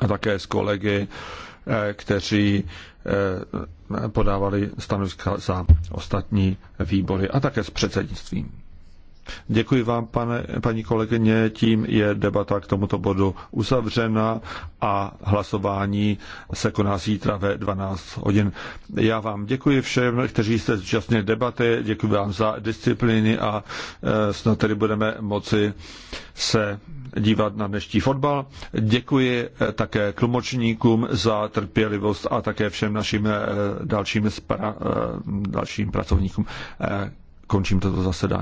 a také s kolegy, eh, kteří eh, podávali stanoviska za ostatní výbory a také s předsednictvím. Děkuji vám, pane, paní kolegyně. Tím je debata k tomuto bodu uzavřena a hlasování se koná zítra ve 12 hodin. Já vám děkuji všem, kteří jste zúčastnili debaty, děkuji vám za disciplíny a eh, snad tedy budeme moci se dívat na dnešní fotbal. Děkuji eh, také tlumočníkům za trpělivost a také všem našim eh, dalším, spra, eh, dalším pracovníkům. Končím toto zasedání.